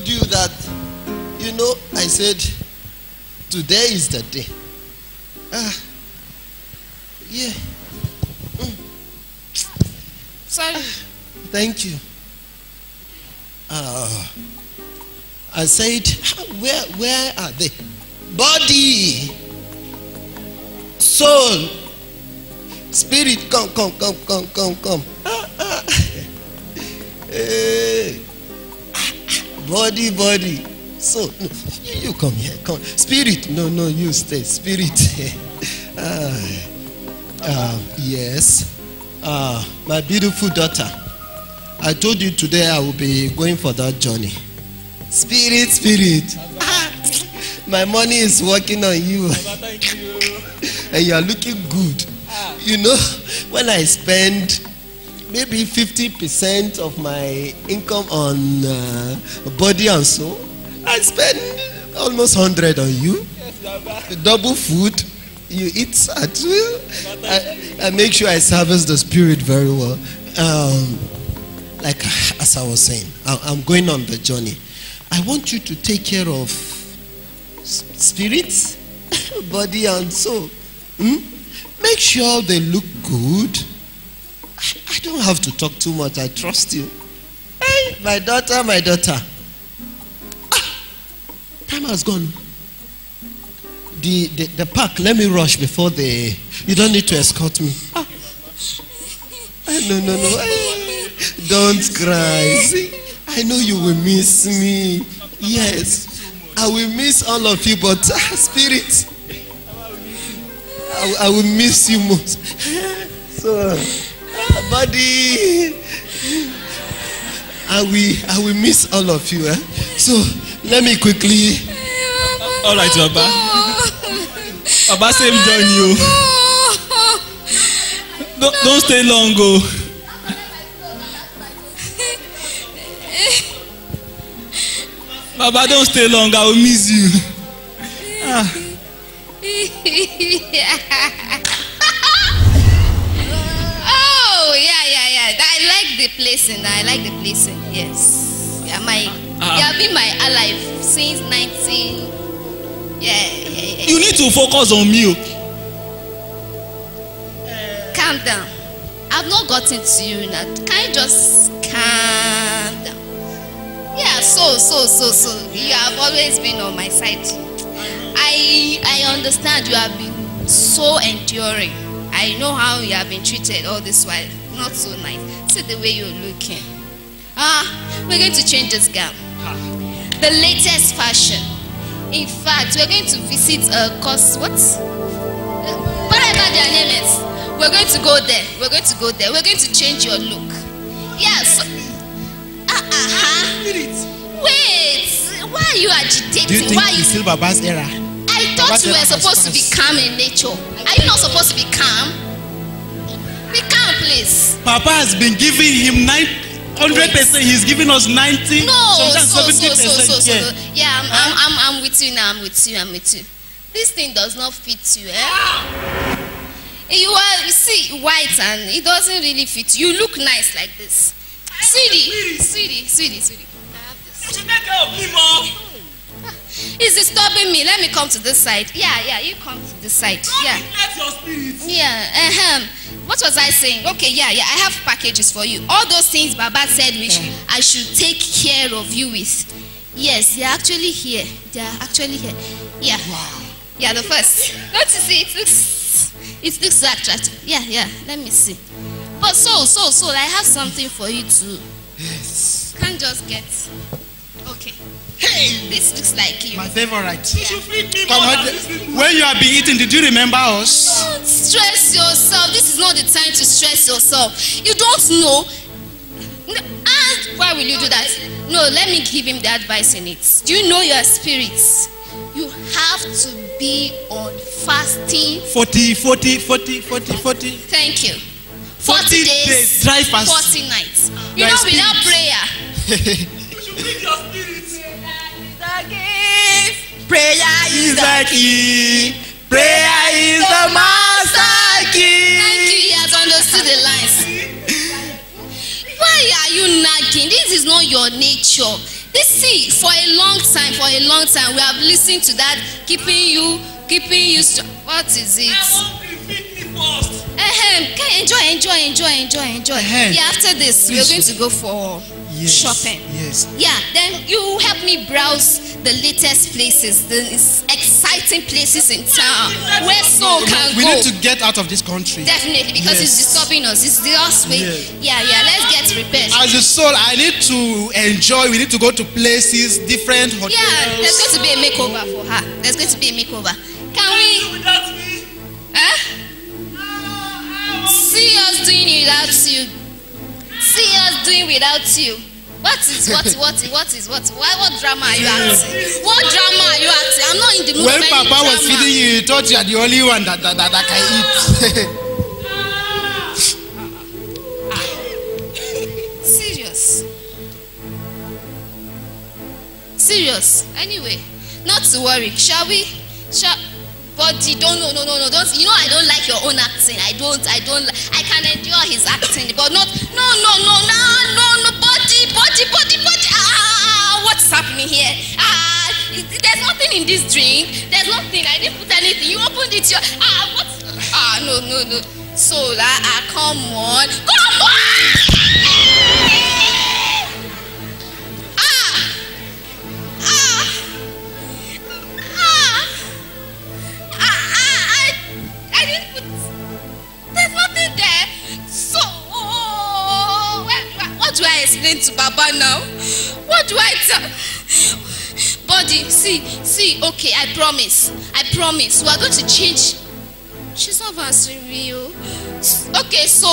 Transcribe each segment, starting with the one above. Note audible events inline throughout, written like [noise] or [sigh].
told you that, you know, I said, today is the day. Ah, yeah. Mm. Sorry. Ah, thank you. Uh, I said, where, where are they? Body, soul, spirit, come, come, come, come, come, come. Ah, ah. hey. [laughs] Eh. body body so no, you, you come here come spirit no no you stay spirit uh, [laughs] uh, yes uh, my beautiful daughter i told you today i will be going for that journey spirit spirit my money is working on you [laughs] and you are looking good you know when i spend maybe 50% of my income on uh, body and soul. I spend almost 100 on you. Yes, Double food. You eat at I, I make sure I service the spirit very well. Um, like as I was saying, I'm going on the journey. I want you to take care of spirits, [laughs] body, and soul. Hmm? Make sure they look good don't have to talk too much. I trust you. Hey, my daughter, my daughter. Ah, time has gone. The, the, the park, let me rush before the. You don't need to escort me. Ah. No, no, no. don't cry. See, I know you will miss me. Yes. I will miss all of you, but ah, spirit, I, I will miss you most. so. everybody. I will, I will miss all of you. Eh? So let me quickly. All right, Baba. Baba, same join You. Don't, don't stay long, go. Oh. Baba, don't stay long. I will miss you. Ah. [laughs] like the placing. I like the placing. Yes. Yeah, my. Uh, you have been my ally since 19. Yeah, yeah, yeah. You need to focus on me. calm down. I've not gotten to you now. Can you just calm down? Yeah, so, so, so, so. You have always been on my side. I I understand you have been so enduring. I know how you have been treated all this while. Not so nice. See the way you're looking. Ah, we're going to change this gap. The latest fashion. In fact, we're going to visit a course. what? whatever their name is. We're going to go there. We're going to go there. We're going to change your look. Yes. Yeah, uh-huh. Wait. Why are you agitating? Do you think Why are you still Baba's era? I thought Baba's you were supposed to be calm in nature. Are you not supposed to be calm? place. Papa has been giving him nine hundred percent. He's giving us ninety. No, sometimes so, seventy so, percent. So, so, yeah, so, so. yeah I'm, huh? I'm, I'm, I'm with you now. I'm with you. I'm with you. This thing does not fit you. Eh? Ah! You are you see white and it doesn't really fit you. You look nice like this. Sweetie, sweetie, sweetie, sweetie. I have this. It's disturbing me. Let me come to this side. Yeah, yeah, you come to this side. Don't yeah. Let your spirit. Yeah. Uh-huh. What was I saying? Okay, yeah, yeah. I have packages for you. All those things Baba said, which yeah. I should take care of you with. Yes, they're actually here. They're actually here. Yeah. Wow. Yeah, the first. see. it looks it looks so attractive. Yeah, yeah. Let me see. But so, so, so, I have something for you too. Yes. Can't just get. Okay. Hey! This looks like you. My favorite. You should feed me more than When you have been eating, did you remember us? Don't stress yourself. This is not the time to stress yourself. You don't know. And ah, why will you do that? No, let me give him the advice in it. Do you know your spirits? You have to be on fasting. 40, 40, 40, 40, 40. Thank you. 40, 40 days, days, dry fast. 40 nights. You know, without prayer. [laughs] We need your spirit. Prayer is the key. Prayer is the master key. Thank you. He has understood the lines. Why are you nagging? This is not your nature. This see for a long time, for a long time, we have listened to that, keeping you, keeping you. What is it? I want to be fit me first. Ahem. Enjoy, enjoy, enjoy, enjoy, enjoy. Ahem. Yeah, after this, we're going to go for. yes, shopping. Yes. Yeah, then you help me browse the latest places, the exciting places in town where soul can we go. We need to get out of this country. Definitely, because yes. it's disturbing us. It's the us way. Yeah. yeah, yeah, let's get repaired. As a soul, I need to enjoy. We need to go to places, different hotels. Yeah, there's going to be a makeover for her. There's going to be a makeover. Can we? Huh? See us doing without you. See us doing without you. What is what what what is what is why what drama are you acting? What drama are you acting? I'm not in the mood When for any Papa was feeding you, he thought you are the only one that that, that, can eat. [laughs] Serious. Serious. Anyway, not to worry. Shall we? Shall body don't no no no no don't you know i don't like your own acting i don't i don't i can endure his acting but not no no no no no body, body, body, Ah, what is happening here? Ah, there's nothing in this drink. There's nothing. I didn't put anything. You opened it. Your ah, what? Ah, no, no, no. So, ah, ah come on, come on. on now. What do I tell? Body, see, see, okay, I promise. I promise. We are going to change. She's not answering real. Okay, so,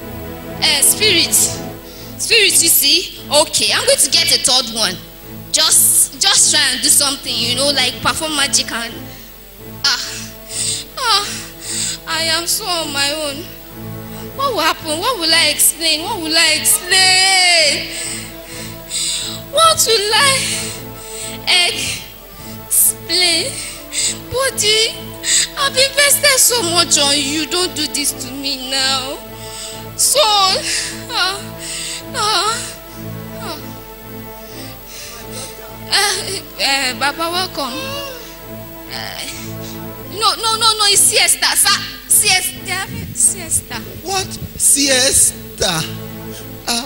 uh, spirit. Spirit, you see? Okay, I'm going to get a third one. Just, just try and do something, you know, like perform magic and... Ah, ah, I am so on my own. What will happen? What will I explain? What will I explain? What will I explain? Body, I've invested so much on you. Don't do this to me now. So, uh, ah, uh, ah, uh, ah. uh, eh, eh, Baba, welcome. Uh, no, no, no, no, it's siesta, sir. Siesta. Siesta. What siesta? Uh,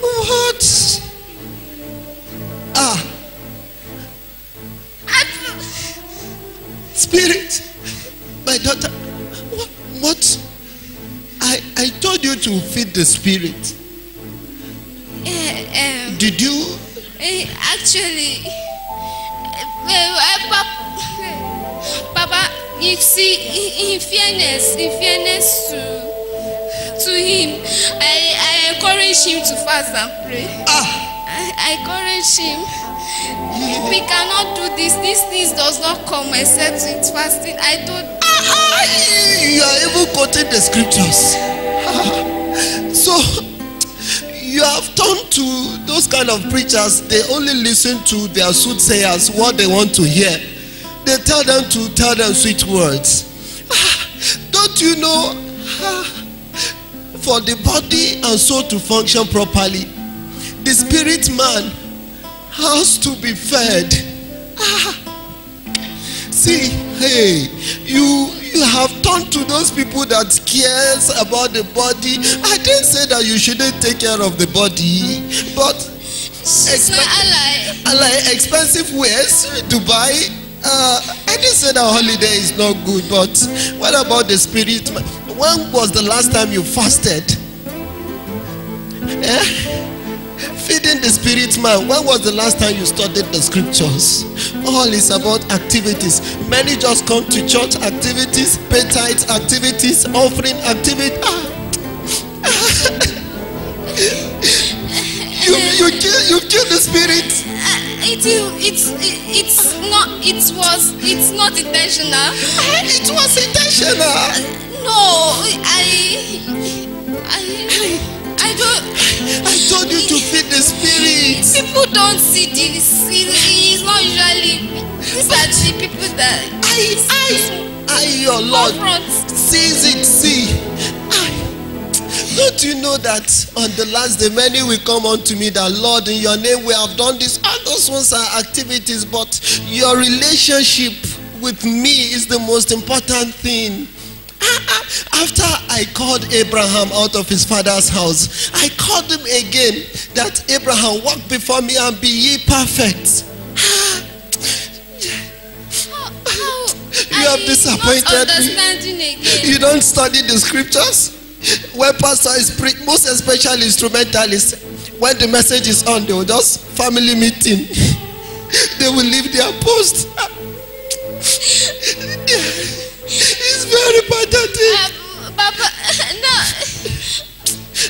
what? Ah. Spirit, my daughter, what? what? I, I told you to feed the spirit. Uh, um, Did you? Uh, actually, uh, uh, Papa If see, in fairness, in fairness to to him, I I encourage him to fast and pray. Ah. I, I encourage him. If We cannot do this. This thing does not come except with fasting. I told. Ah, ah, you are even quoting the scriptures. Ah. [laughs] So you have turned to those kind of preachers. They only listen to their soothsayers, what they want to hear. they tell them to tell them sweet words. Ah, don't you know? Ah, for the body and soul to function properly, the spirit man has to be fed. Ah, see, hey, you you have turned to those people that cares about the body. I didn't say that you shouldn't take care of the body, but expensive, expensive ways, Dubai, uh, I didn't say that holiday is not good, but what about the spirit? When was the last time you fasted? Eh? Feeding the spirit man. When was the last time you studied the scriptures? All is about activities. Many just come to church activities, pay activities, offering activity. Ah. [laughs] you, you, kill, you kill the spirit it, it, it, it's not it was it's not intentional it was intentional no i i i don't i told you to feed the spirit people don't see this it, it's not usually these are the people that i i i your lord sees it see don't you know that on the last day many will come unto me that Lord in your name we have done this all those ones are activities but your relationship with me is the most important thing. Ah, ah, after I called Abraham out of his father's house, I called him again that Abraham walk before me and be ye perfect. Ah, [laughs] you have disappointed me. You don't study the scriptures when pastor is preach most especially instrumentalist when the message is on they will just family meeting [laughs] they will leave their post [laughs] it's very pathetic uh, papa [laughs] no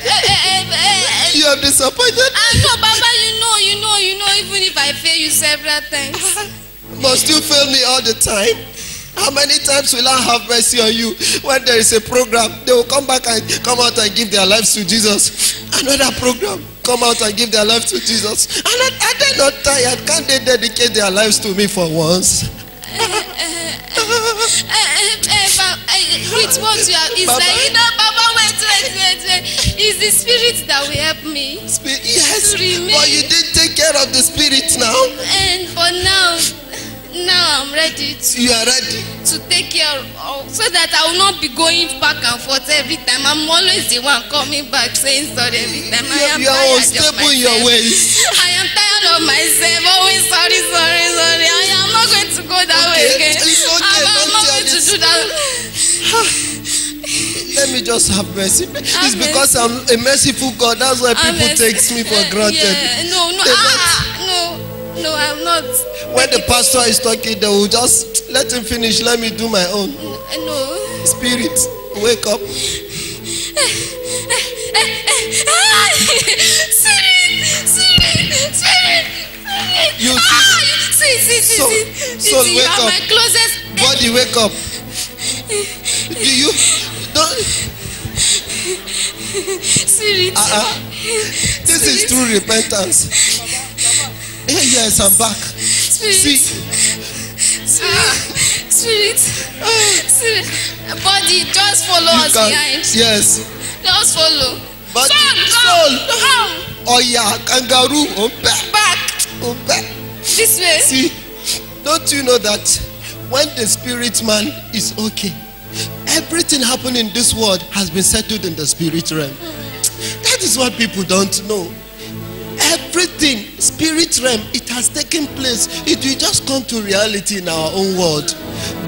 eh, eh, eh, you have disappointed me. Ah, no baba you know you know you know even if i fail you several times must you fail me all the time How many times will I have mercy on you? When there is a program, they will come back and come out and give their lives to Jesus. Another program, come out and give their lives to Jesus. And are they not tired? Can't they dedicate their lives to me for once? with what you have is Baba, like you know Baba wait wait wait "Is the spirit that will help me. Spirit, yes, to remain. but you didn't take care of the spirit now. And for now Now I'm ready to. You are ready. To take care of, so that I will not be going back and forth every time. I'm always the one coming back saying sorry every time. I am you are tired unstable of myself. your ways. [laughs] I am tired of myself. Always sorry, sorry, sorry. I am not going to go that okay. way again. okay. I'm, I'm not going to do that. Let me just have mercy. It's I'm because I'm a merciful God. That's why people takes me for granted. Yeah. No, no, ah, no, no, I'm not. when the pastor is talking, they will just let him finish. Let me do my own. No. Spirit, wake up. Spirit, spirit, spirit, You see, see, see, soul, soul, see, wake up. Body, wake up. Do you don't? Spirit. Uh-uh. This is true repentance. Yes, I'm back. Spirit. Spirit. Spirit. Spirit. Body, just follow you us can, behind. Yes. Just follow. Body, soul, soul. Come. Oya, kangaroo, back, Back. Ompe. This way. See, don't you know that when the spirit man is okay, everything happening in this world has been settled in the spirit realm. That is what people don't know everything spirit realm it has taken place it will just come to reality in our own world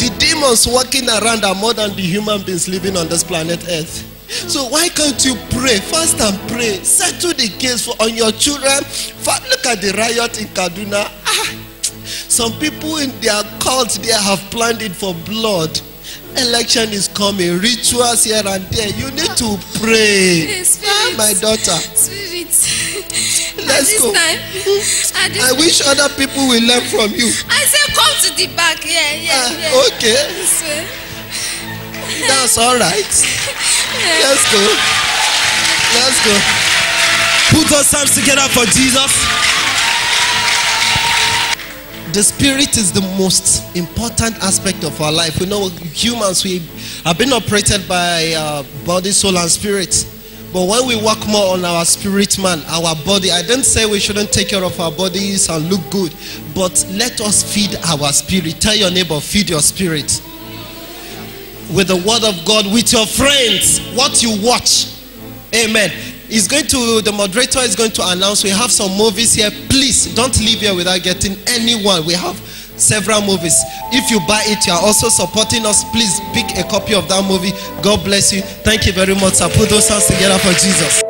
the demons working around are more than the human beings living on this planet earth so why can't you pray fast and pray settle the case for on your children look at the riot in kaduna ah some people in their cult there have planned it for blood election is coming, rituals here and there. You need to pray. Spirit, my daughter. Spirit. [laughs] Let's go. Time, [laughs] I wish other people will learn from you. I say, come to the back. Yeah, yeah, ah, yeah. okay. That's all right. Yeah. [laughs] Let's go. Let's go. Put those hands together for Jesus. the spirit is the most important aspect of our life. We know humans, we have been operated by uh, body, soul, and spirit. But when we work more on our spirit man, our body, I don't say we shouldn't take care of our bodies and look good, but let us feed our spirit. Tell your neighbor, feed your spirit. With the word of God, with your friends, what you watch. Amen is going to the moderator is going to announce we have some movies here please don't leave here without getting anyone we have several movies if you buy it you are also supporting us please pick a copy of that movie god bless you thank you very much i put those hands together for jesus